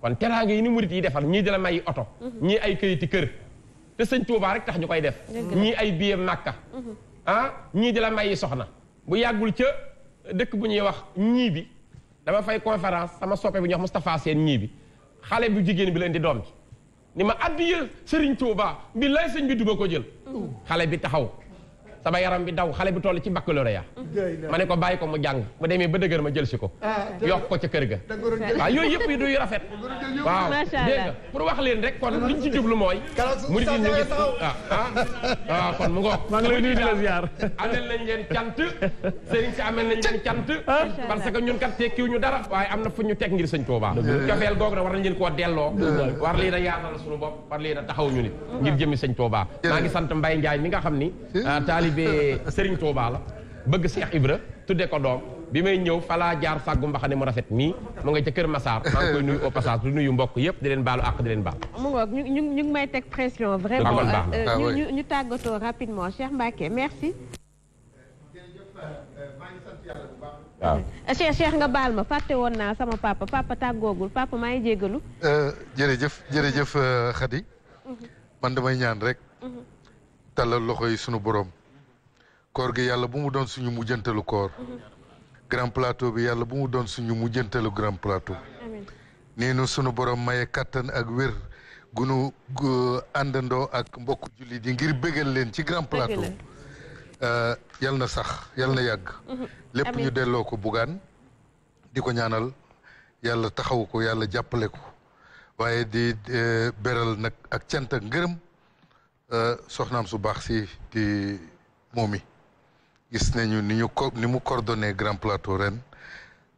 kon teraanga yi ni murit yi defar ñii di la mayi oto ñii ay këyiti kër te sëñ Tuuba rek tax ñu koy def ñii ah ñii di la mayi soxna bu yàggul ca dëkk bu ñuy wax ñii bi dama fay conférence sama soppe bu ñuy wax Moustapha Seen ñii bi xale bu jigéen bi leen di doom bi ni ma addiya Serigne Touba bi lay sëñ bi duba ko jël mm. xale bi taxaw sama yaram bi daw xale bi toll ci baccalauréat ma ne ko bàyyi ko mu jàng mu demee ba dëgër ma jël si ko ah, yokk ko ca kër ga waaw yooyu yëpp yi duy rafet waaw dégg nga wax leen rek kon liñ ci jublu mooy murid yi ñu ngi ah, ah, kon mu ngoog maa ngi lay nuyu di la ziar amel nañ leen cant sëriñ si amel nañ leen cant parce ñun kat tekkiw ñu dara waaye am na fu ñu teg ngir sëñ Tuubaa cofeel goog na koo delloo war leen a yaatal suñu bopp war leen taxaw ñu nit mm-hmm. maa ngi sant Mbaye Ndiaye mi nga xam ni taalib taalibe Serigne Touba la bëgg Cheikh Ibra tudde ko doom bi may ñëw falaa jaar sàggu mbaxane mu rafet nii mu nga ca Kër Massar maa ngi koy nuyu au passage du nuyu mbokk yëpp di leen baalu àq di leen baal mu ngoog ñu ñu ngi may teg pression vraiment euh, ah ñu tàggatoo rapidement Cheikh Mbacké merci waaw euh, Cheikh nga baal ma fàtte woon naa sama papa papa tàggoogul papa maa ngi jégalu euh, jërëjëf jërëjëf Khady mhm. man damay ñaan rek mhm. talal loxo yi sunu borom koor gi yàlla bu mu doon suñu mujjantalu koor mhm. grand plateau bi yàlla bu mu doon suñu mujjantalu grand plateau nee sunu borom maye kattan ak wér gunu àndandoo ak mbokku jullit di ngir bégal leen ci grand plateau euh, yal na sax yal na yàgg mhm. lépp ñu delloo ko bugaan di ko ñaanal yàlla taxaw ko yàlla jàppale ko waaye di euh, beral nag ak cant ak ngërëm euh, soxnaam su baax si di moomi gis nañu ni ñu ko ni mu coordonné Grand Plateau ren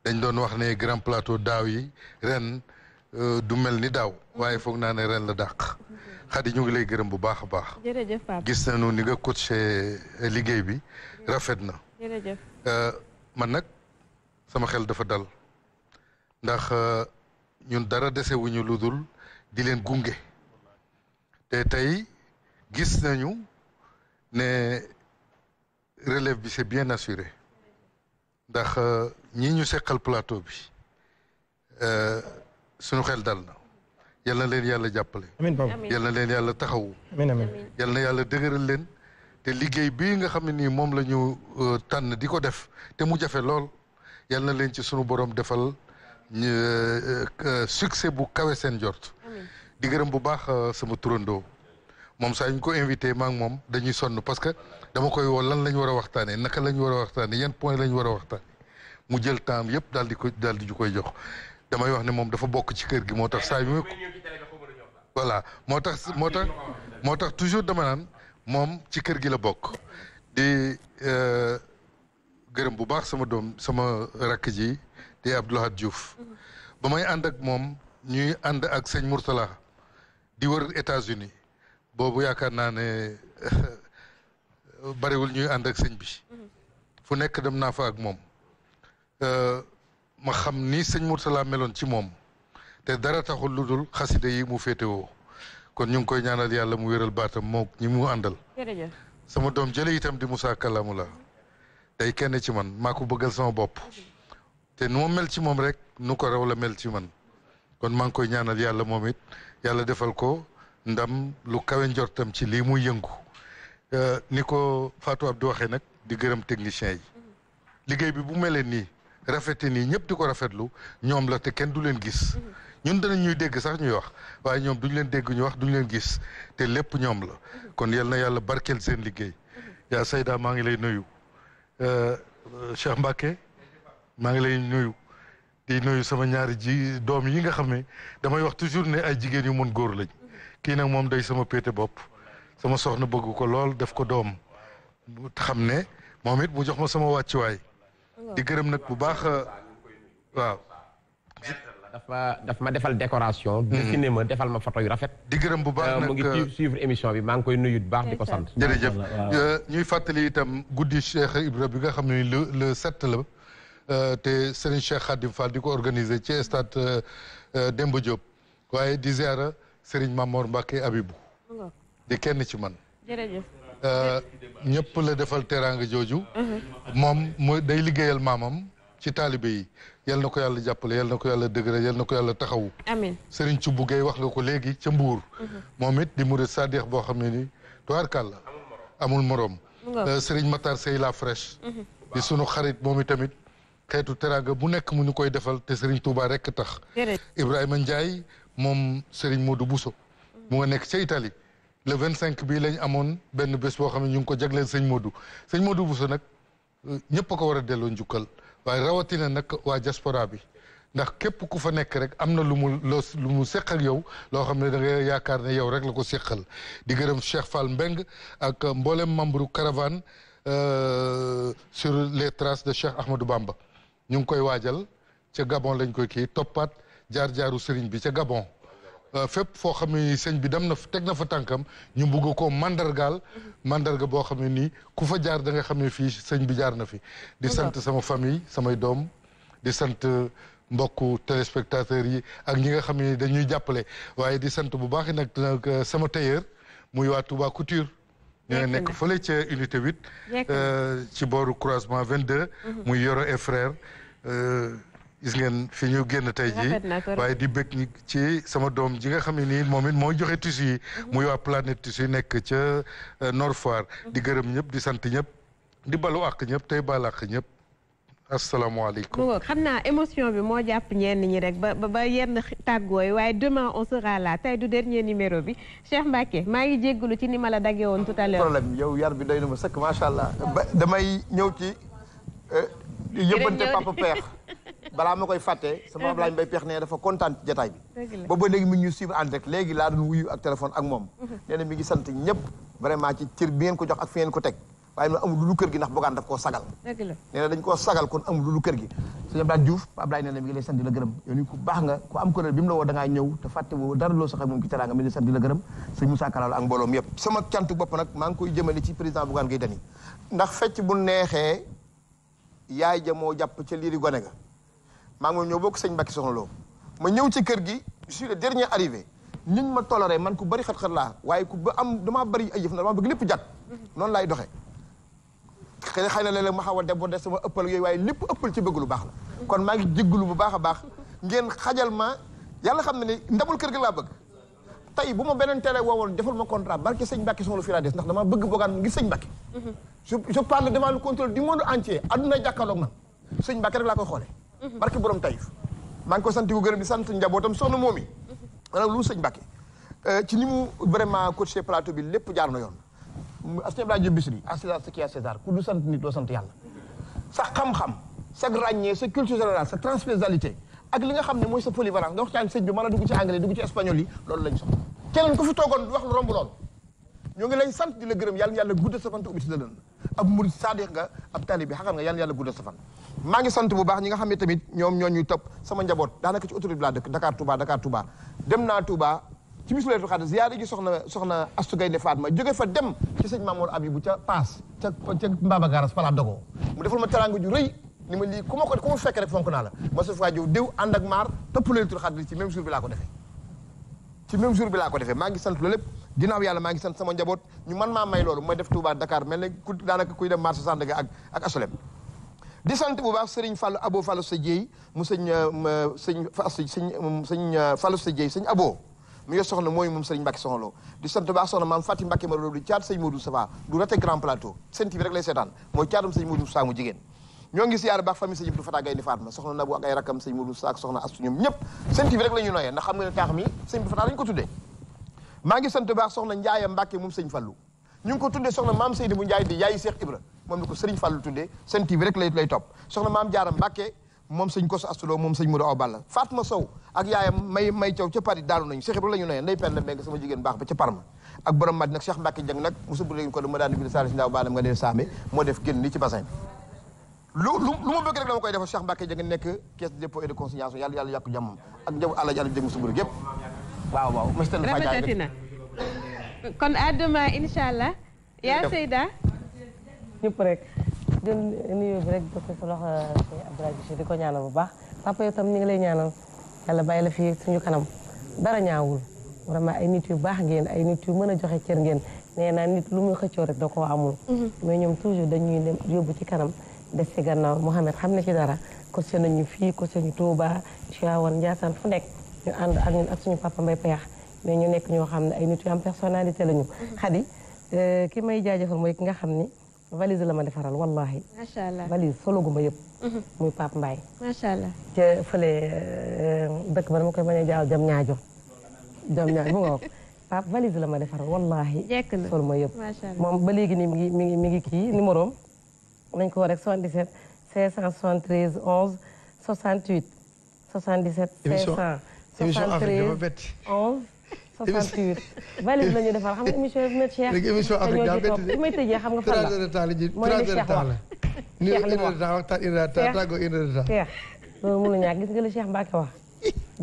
dañ doon wax ne Grand Plateau daaw yi ren euh, du mel ni daaw waaye foog naa ne ren la dàq Xadi ñu ngi lay gërëm bu baax a baax. jërëjëf Pape gis ni nga coaché euh, liggéey bi rafet na. jërëjëf euh, nag sama xel dafa dal ndax ñun dara desewuñu lu dul di leen gunge te tey gis nañu ne. relève bi c'est bien assuré ndax euh, ñi ñu seqal plateau bi euh, suñu xel dal na yal na leen yàlla jàppale yal na leen yàlla taxawu yal na yàlla dëgëral leen te liggéey bii nga xam ne nii moom la ñu euh, tànn di ko def te mu jafe lool yal na leen ci suñu boroom defal succès bu kawe seen jort di bu baax sama turandoo moom saa ñu ko invité maak moom dañuy sonn parce dama koy lan la ñu war a waxtaanee naka la war a waxtaanee yan point la ñu war a waxtaan mu jël temps yëpp daal di ko di ju koy jox damay wax ne moom dafa bokk ci kër gi moo tax saa yu voilà moo tax moo tax moo tax toujours dama naan moom ci kër gi la bokk di euh, gërëm bu baax sama doom sama rakk ji di Abdoulahad Diouf ba may ànd ak moom ñuy ànd ak sëñ Mourtala di wër États-Unis boobu yaakaar naa ne bariwul ñuy ànd ak sëñ bi fu nekk dem naa fa ak moom ma xam ni sëñ Mourtala meloon ci moom te dara taxul lu dul xaside yi mu féetewoo kon ñu ngi koy ñaanal yàlla mu wéral baatam moo ñi mu àndal sama doom jële itam di Moussa Kalamu la day kenn ci man maa ko bëggal sama bopp te nu ma mel ci moom rek nu ko raw la mel ci man kon maa ngi koy ñaanal yàlla moom it yàlla defal ko ndam lu kawe njortam ci lii muy yëngu Euh, ni ko Fatou di waxee nag di gërëm technicien yi liggéey bi bu melee nii rafete nii ñëpp di ko rafetlu ñoom la te kenn du leen gis ñun danañ ñuy dégg sax ñuy wax waaye ñoom duñ leen dégg ñu wax duñu leen gis te lépp ñoom la kon yal na yàlla barkeel seen liggéey yaa Sayda maa ngi lay nuyu euh, Cheikh Mbacke maa ngi lay nuyu di noyu sama ñaari ji doom yi nga xam ne damay wax toujours ne ay jigéen yu mën góor lañ kii nag moom day sama péete bopp sama soxna bëggu ko lool def ko doom xam ne moom it mu jox ma sama wàccuwaay. di gërëm nag bu baax euh, waaw. ma daf ma defal décoration. Mm-hmm. dessiné ma defal ma photo yu rafet. di gërëm bu baax euh, nag mu ngi euh, émission bi maa ngi koy nuyu bu baax di ko sant. jërëjëf ñuy fàttali itam guddi Cheikh Ibra bi nga xam ne le le sept la. te Serigne Cheikh Khadim Fall di ko organisé ci stade Demba Diop waaye di ziara Serigne Mamor Mbacke Abibou. di kenn ci man. jërëjëf. Euh, ñëpp la defal teraanga jooju. Uh-huh. moom mooy day liggéeyal maamam ci taalibe yi yal na ko yàlla jàppale yal na ko yàlla dëgëral yal na ko yàlla taxawu. amiin Serigne Thioub wax nga ko léegi ca mbuur uh-huh. moom it di murid sadiq boo xam ne ni tubaarkàlla amul moroom euh, Serigne Matar Sey la fraîche. Uh-huh. di sunu xarit moom itamit xeetu teraanga bu nekk mu ñu koy defal te Serigne Touba rekk tax. Ibrahima Ndiaye moom Serigne Modou Bousso. mu nga nekk ca itali le vingt cinq bii lañ amoon benn bés boo xam ne ñu ngi ko jagleel sëñ Modou sëñ Modou Bousso nag ñëpp a ko war a delloo njukkal waaye rawatina nag waa diaspora bi ndax képp ku fa nekk rek am na lu mu loo lu mu seq ak yow loo xam ne da yaakaar ne yow rek la ko seqal di gërëm Cheikh Fall Mbeng ak mboolem membre caravane euh, sur les traces de Cheikh Ahmadou Bamba ñu ngi koy waajal ca Gabon lañ koy kii toppaat jaar-jaaru sëriñ bi ca Gabon. Euh, fépp foo xam ne sëñ bi dem na teg na fa tànkam ñu bugg ko mandargaal mandarga boo xam ne nii ku fa jaar da nga xam ne fii sëñ bi jaar na fi di sant sama famille samay doom di sant euh, mbokku téléspectateurs yi ak ñi nga xam ne dañuy jàppale waaye di sant bu baax nag euh, sama tailleur muy waa Touba Couture ñu nekk fële ca unité 8 ci booru croisement 22 mhm. muy Yoro et frère is ngeen fi ñu génn tey jii waaye di bëgg ci sama doom ji nga xam ne nii moom it moo joxe tissu yi mhm. mu waa Planète Tissu yi nekk ca euh, Nord Foire mhm. di gërëm ñëpp di sant ñëpp di balu àq ñëpp tey baal àq ñëpp asalaamaaleykum. mu xam naa émotion bi moo jàpp ñenn ñi rek ba ba yenn tàggoo yi waaye demain on sera là tey du dernier numéro bi Cheikh Mbacke maa ngi jéggalu ci ni ma la dagge woon tout à l'heure yar bi day na ma sëkk macha allah. damay ñëw ci. Euh, yëbbante papa peex balaa ma koy fàtte sama Ablaye Mbaye peex ne dafa kontaan ci jataay bi ba ba léegi mi léegi laa doon ak moom mhm. nee mi ngi sant ñëpp vraiment ci bi ngeen ko jox ak fi ngeen ko teg waaye nag amul lu kër gi ndax bogaan daf koo sagal nee koo sagal kon amul lu kër gi sëñ Ablaye Diouf Ablaye nee na mi ngi lay sant di la gërëm yow ni ku baax nga ku am kuréel bi mu la woo da ngaa fàtte woo dara loo mbooloom yëpp sama cantu bopp nag maa ngi koy jëmale ci président Bougane Gueye Dany ndax fecc bu neexee yaay ja moo jàpp ca liiri gone ga maa ngi ñëw bokk sëñ Mbacke soxna loo ma ñëw ci kër gi je suis le dernier arrivé niñ ma toléré man ku bari xat-xat laa waaye ku ba am damaa bari ay yëf na damaa bëgg lépp jat noonu laay doxee xëy xëy na léeg ma xaw a débordé sama ëppal yooyu waaye lépp ëppal ci bëgg lu baax la kon maa ngi jéggalu bu baax a baax ngeen xajal ma yàlla xam ne ne ndamul kër gi laa bëgg tey bu ma beneen télé woowoon defal ma contrat barke sëñ Mbacke sama lu fi laa des ndax dama bëgg Bougane ngir sëñ Mbacke. je je parle devant le contrôle du monde entier adduna jàkkaarloog man sëñ Mbacke rek laa koy xoolee. Mhm. barke borom Taïf maa ko sant ko gërëm di sant njabootam soxna moom mhm. yi. maanaam lu sëñ Mbacke euh, ci ni mu vraiment coaché plateau bi lépp jaar na yoon. Astou Abdoulaye Diop Bichri à César ce qui est à sant nit doo sant yàlla. sa xam-xam sa ràññee sa culture ak li nga xam ne mooy sa polyvalence nga waxtaan sëñ bi mën a dugg ci anglais dugg ci espagnol yi loolu lañ soxla keneen ku fi toogoon di wax lu romb loolu ñoo ngi lay sant di la gërëm yàlla yàlla guddal sa fan te ubbi si lan ab ab talib sant bu baax ñi nga xam ne tamit ñoom ñoo ñuy topp sama njaboot daanaka ci autorité laa dëkk Dakar Touba Dakar Touba dem naa Touba ci bis leetu xadd ziyaare ji soxna soxna Astu Gaynde Fatma jóge fa dem ci sëñ Mamour Abibou ca Paas ca ca Mbaba Garas Pala Dogo mu defal ma teranga rëy ni ma lii ku ma ko ku ma fekk rek fonk naa la Moussa Faye Diouf diw ànd ak maar tëpp laylatul xadri ci même jour bi laa ko defee ci même jour bi laa ko defee maa ngi sant loolu lépp ginnaaw yàlla maa ngi sant sama njaboot ñu man maa may loolu may def Touba Dakar mel ne ku daanaka kuy dem marché ak ak asolem di sant bu baax sëriñ Fallou Abo Fallou sa jéey mu sëñ euh, sëñ sëñ sëñ euh, Fallou sa jéey sëñ Abo mu yor soxna mooy moom sëriñ Mbacke soxna di sant bu baax soxna maam Fatim Mbacke ma du caat sëñ Modou Safa du rate Grand Plateau seen TV rek lay seetaan mooy caatam sëñ Modou Safa mu jigéen ñoo ngi siyaar baax famille sëñ Abdou Fatah Gaynde Fatma seen TV ko tuddee maa ngi sant baax soxna Njaaya Mbàkke moom sëñ Fallu ñu ngi ko tuddee soxna maam Seydi bu Njaay di yaayi Seex Ibra moom la ko sëriñ Fallu tuddee seen soxna moom sëñ Koso Astu Lo moom sëñ Modou Awa Balla Fatma Sow ak yaayam may may caw ca Paris daanu nag daan bi saali si ndaw baanam moo def génn ni ci bassin lu lu lu ma bëgg rek dama koy defal Cheikh nekk caisse de dépôt et yàlla yàlla yàqu jàmmam ak njabootu àlla yàlla jëg mu suburu yëpp waaw waaw monsieur na kon à demain inchaallah yaa rek jël nuyoo bi rek def ko si loxo Cheikh di ko ñaanal bu baax papa yow tam ñu ngi lay ñaanal yàlla bay la fi suñu kanam dara ñaawul vraiment ay nit yu baax ngeen ay nit yu mën a joxe cër ngeen nee naa nit lu muy xëccoo rek da koo amul mhm. mais ñoom toujours dañuy dem yóbbu ci kanam des ci gannaaw Mouhamed xam na ci dara coché nañu fii coché ñu Touba Tivaouane Ndiassane fu nekk ñu ànd ak ñun ak suñu papa Mbaye mais ñu nekk ñoo xam ne ay nit yu am personnalité lañu. xadi mhm. euh, ki may jaajëfal mooy ki nga xam ni valise la ma defaral wallahi macha allah valise solo guma yëpp. Mhm. muy Pape Mbaye. macha allah te fële euh, ba dama koy mën a jam ñaajo jam ñaajo bu nga wax la ma defaral wallahi jekk na solo ma yëpp moom ba léegi nii mi ngi mi ngi mi ngi kii nañ ko rek 77 573 11 68 77 500 73 11 68 valise la ñu defar xam nga émission bi métti Cheikh. léegi émission Afrique daa métti de may tëjee xam nga fan la. 3 heures de temps la ji 3 heures de temps mu wax Cheikh gis nga li Cheikh wax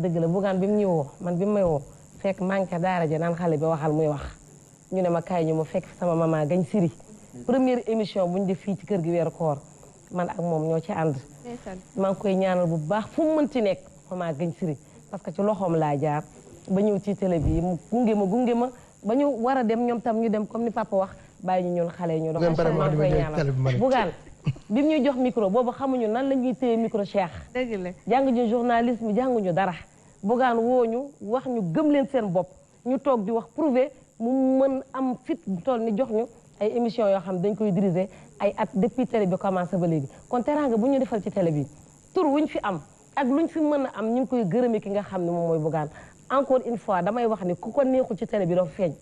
dëgg la bugaan bi mu ñu man bi mu may woo fekk maa ngi ca daara ja naan xale bi waxal muy wax ñu ne ma kaay ñu ma fekk sama mama gañ siri première émission bu ñu def fii ci kër gi weeru koor man ak moom ñoo ci ànd maa ngi koy ñaanal bu baax fu mu ci nekk mama gëñ siri parce que ci loxoom laa jaar ba ñëw ci télé bi mu gunge ma gunge ma ba ñu war a dem ñoom tam ñu dem comme ni papa wax bàyyi ñu ñun xale ñu dox maa ngi koy ñaanal bugaan bi mu ñuy jox micro boobu xamuñu nan la ñuy téye micro cheikh dëgg la jànguñu journalisme jànguñu dara bugaan ñu wax ñu gëm leen seen bopp ñu toog di wax prouvé mu mën am fit tool ni jox ñu ay émission yoo xam dañ koy diriger ay at depuis télé bi commencé ba léegi kon teraanga bu ñu defal ci télé bi tur wuñ fi am ak luñ fi mën a am ñu ngi koy gërëme ki nga xam ne moom mooy Bougane encore une fois damay wax ni ku ko neexul ci télé bi dafa feeñ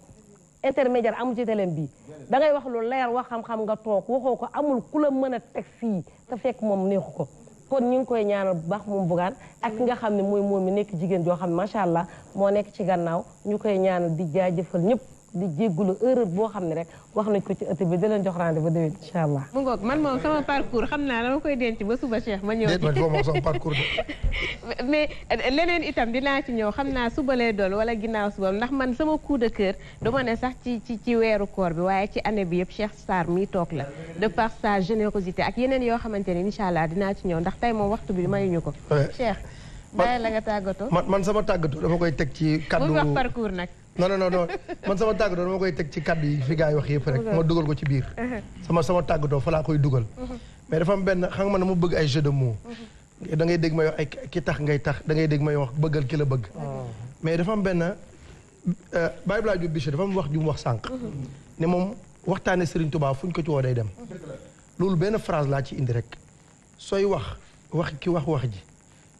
intermédiaire amul ci télé bi da wax lu leer wax xam-xam nga toog waxoo ko amul ku la mën a teg fii fekk moom neexu ko kon ñu ngi koy ñaanal bu baax moom Bougane ak nga xam ne mooy moom mi nekk jigéen joo xam ne macha allah moo nekk ci gannaaw ñu koy ñaanal di jaajëfal ñëpp di jéggulu erreur boo xam ne rek wax nañ ko ci ëtt bi di leen jox rendez ba déwén incha allah. mu ngoog man moom sama parcours xam naa dama koy denc ba suba Cheikh ma ñëw. mais euh, leneen itam dinaa ci ñëw xam naa suba lay doon wala ginnaaw suba ndax man sama coup de cœur ne sax ci ci ci weeru koor bi waaye ci année bi yëpp Cheikh Sarr mii toog la de par sa générosité ak yeneen yoo xamante ne incha allah dinaa ci ñëw ndax tey moom waxtu bi mayuñu ko Cheikh bàyyi la nga tàggatoo man man sama tàggatoo dama koy teg ci kaddu bu wax parcours nag. non non non man sama tàggatoo dama koy teg ci kaddu yi fi gars yi wax yëpp rek. ma dugal ko ci biir. sama sama tàggatoo fa laa koy dugal. mais dafa am benn xam nga man ma bëgg ay jeu de mots. da ngay dégg may wax ay ki tax ngay tax da ngay dégg may wax bëggal ki la bëgg. mais dafa am benn euh, Baye Blay Diop Bichri dafa am wax ju mu wax sànq. ne moom waxtaanee Serigne Touba fuñ ko ci woo day dem. loolu benn phrase laa ci indi rek sooy wax wax ki wax wax ji.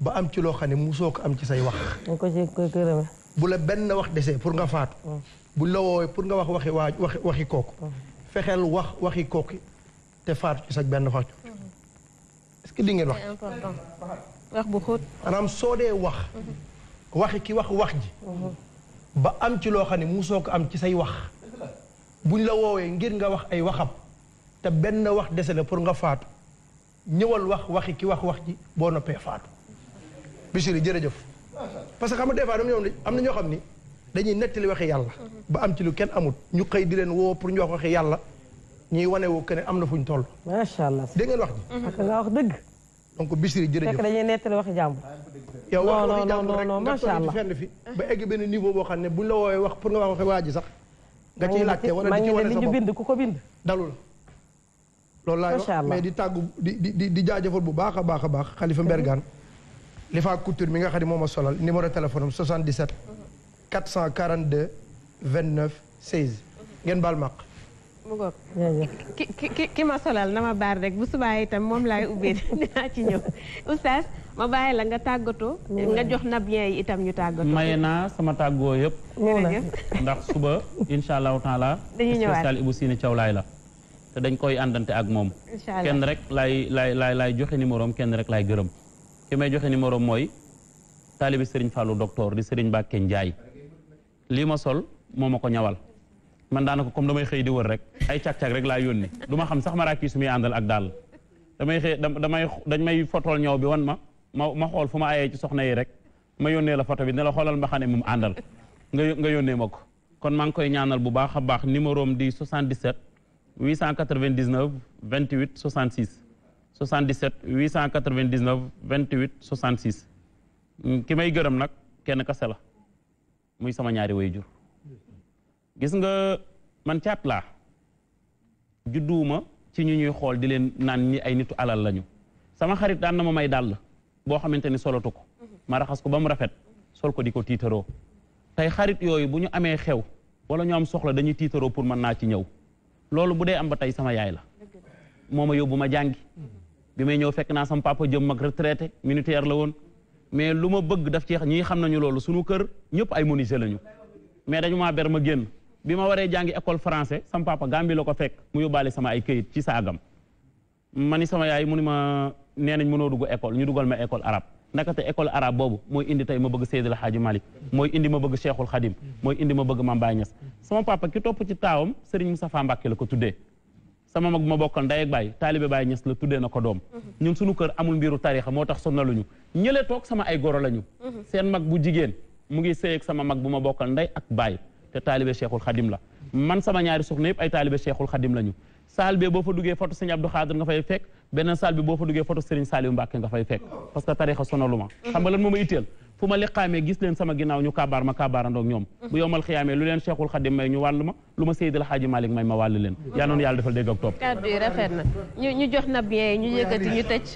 ba am ci loo xam ne musoo ko am ci say wax. bu la benn wax desee pour nga faatu. Mm. bu la woowee pour nga wax waxi waa waxi waxi kooku. Mm. fexeel wax waxi kooku te faatu benn wax. Mm. que li ngeen wax. wax bu xóot. maanaam soo dee wax. Mm-hmm. waxi ki wax wax ji. Mm-hmm. ba am ci loo xam ne musoo ko am ci say wax. buñ la woowee ngir nga wax ay waxam. te benn wax dese la pour nga faatu. ñëwal wax waxi ki wax wax ji boo noppee faatu. Bichri jërëjëf parce que xam nga des fois dama am na ñoo xam ni dañuy nettali waxi yàlla ba am ci lu kenn amut ñu xëy di leen woo pour ñu wax waxi yàlla ñuy wane woo kenn am na fuñ toll macha allah dégg ngeen wax ji mm-hmm. ak nga wax dëgg donc Bichri jërëjëf fekk dañuy nettali waxi jàmbur yow wax waxi jàmbur rek nga toll ci fenn fi benn niveau boo xam ne buñ la woowee wax pour nga wax waa ji sax nga ciy laajte wala di ci wane sa bopp bind ku ko bind dalul loolu laay wax di tàggu di di di jaajëfal bu baax a baax a baax Xalifa Mbergane li fa Couture mi nga xam ne moom a solal numéro téléphone am 77 442 29 16 ngeen baal maq ki ki ki ma solal na ma baar rek bu subaa itam moom laay ubbee dinaa ci ñëw oustaz ma bàyyi la nga tàggatoo nga jox nabiyen yi itam ñu tàggatoo maye naa sama tàggoo yëpp ndax suba insha allahu taala dañuy ñëwaat spécial Ibou Sine Thiaw laay la te dañ koy àndante ak moom kenn rek laay laay laay laay joxe numéro kenn rek laay gërëm ki may joxe numéro mooy taalibi Serigne Fallou docteur di Serigne Mbacke Ndiaye lii ma sol moo ma ko ñawal man daanaka comme damay xëy di wër rek ay càq-càq rek laa yónni du ma xam sax maraaki su muy àndal ak daal damay xëy damay dañ may fotool ñaw bi wan ma ma ma xool fu ma ayee ci soxna yi rek ma yónnee la foto bi ne la xoolal mbaxane xam ne àndal nga nga yónnee ma ko kon maa ngi koy ñaanal bu baax a baax numéro am di 77 899 28 66 77 899 28 66 ki may gërëm nag kenn kase la muy sama ñaari jur gis nga man caat laa judduwuma ci ñu ñuy xool di leen naan ñi ay nitu alal lañu sama xarit daan na ma may dàll boo xamante ni solatu ko ma raxas ko ba mu rafet sol ko di ko tiitaroo tey xarit yooyu bu ñu amee xew wala ñu am soxla dañuy tiitaroo pour mën naa ci ñëw loolu bu dee am ba tey sama yaay la moo ma yóbbu ma jàngi bi may ñëw fekk naa sama papa jëm mag retraité militaire la woon mais lu ma bëgg daf ci ñi xam nañu loolu sunu kër ñëpp ay menuisier lañu mais dañu maa ber ma génn bi ma waree jàngi école français sama papa Gàmbi la ko fekk mu yóbbaale sama ay këyit ci saagam ma ni sama yaay mu ni ma nee nañ mënoo dugg école ñu dugal ma école arabe ndakate école arabe boobu mooy indi tey ma bëgg Seydil Hadji Malick mooy indi ma bëgg Cheikhul Khadim mooy indi ma bëgg Mame Baye Niass sama papa ki topp la ko tuddee sama mag ma bokkal ndey ak baay taalibe baay ñes la tuddee na ko doom ñun suñu kër amul mbiru tarixa moo tax sonnaluñu ñële toog sama ay goro lañu seen mag bu jigéen mu ngi sëy ak sama mag bu ma bokkal ndey ak baay te taalibe cheikhul xadim la man sama ñaari soxna yëpp ay taalibe cheikhul xadim lañu saal bi boo fa duggee photo sëñ Abdou Xaadir nga fay fekk beneen saal bi boo fa duggee photo Serigne Saliou Mbacke nga fay fekk parce que tarixa sonalu ma xam nga lan fu ma liqaamee gis leen sama ginnaaw ñu kabaar ma kabaarandoog ñoom mhm. bu yowmal xiyaamee lu leen cheikhul xadim may ñu wàll ma lu ma seydil xaaji malik may ma wàll leen yaa noonu yàlla defal dégg ak topp kàddu yi rafet na ñu jox na bien ñu yëkkati ñu tëj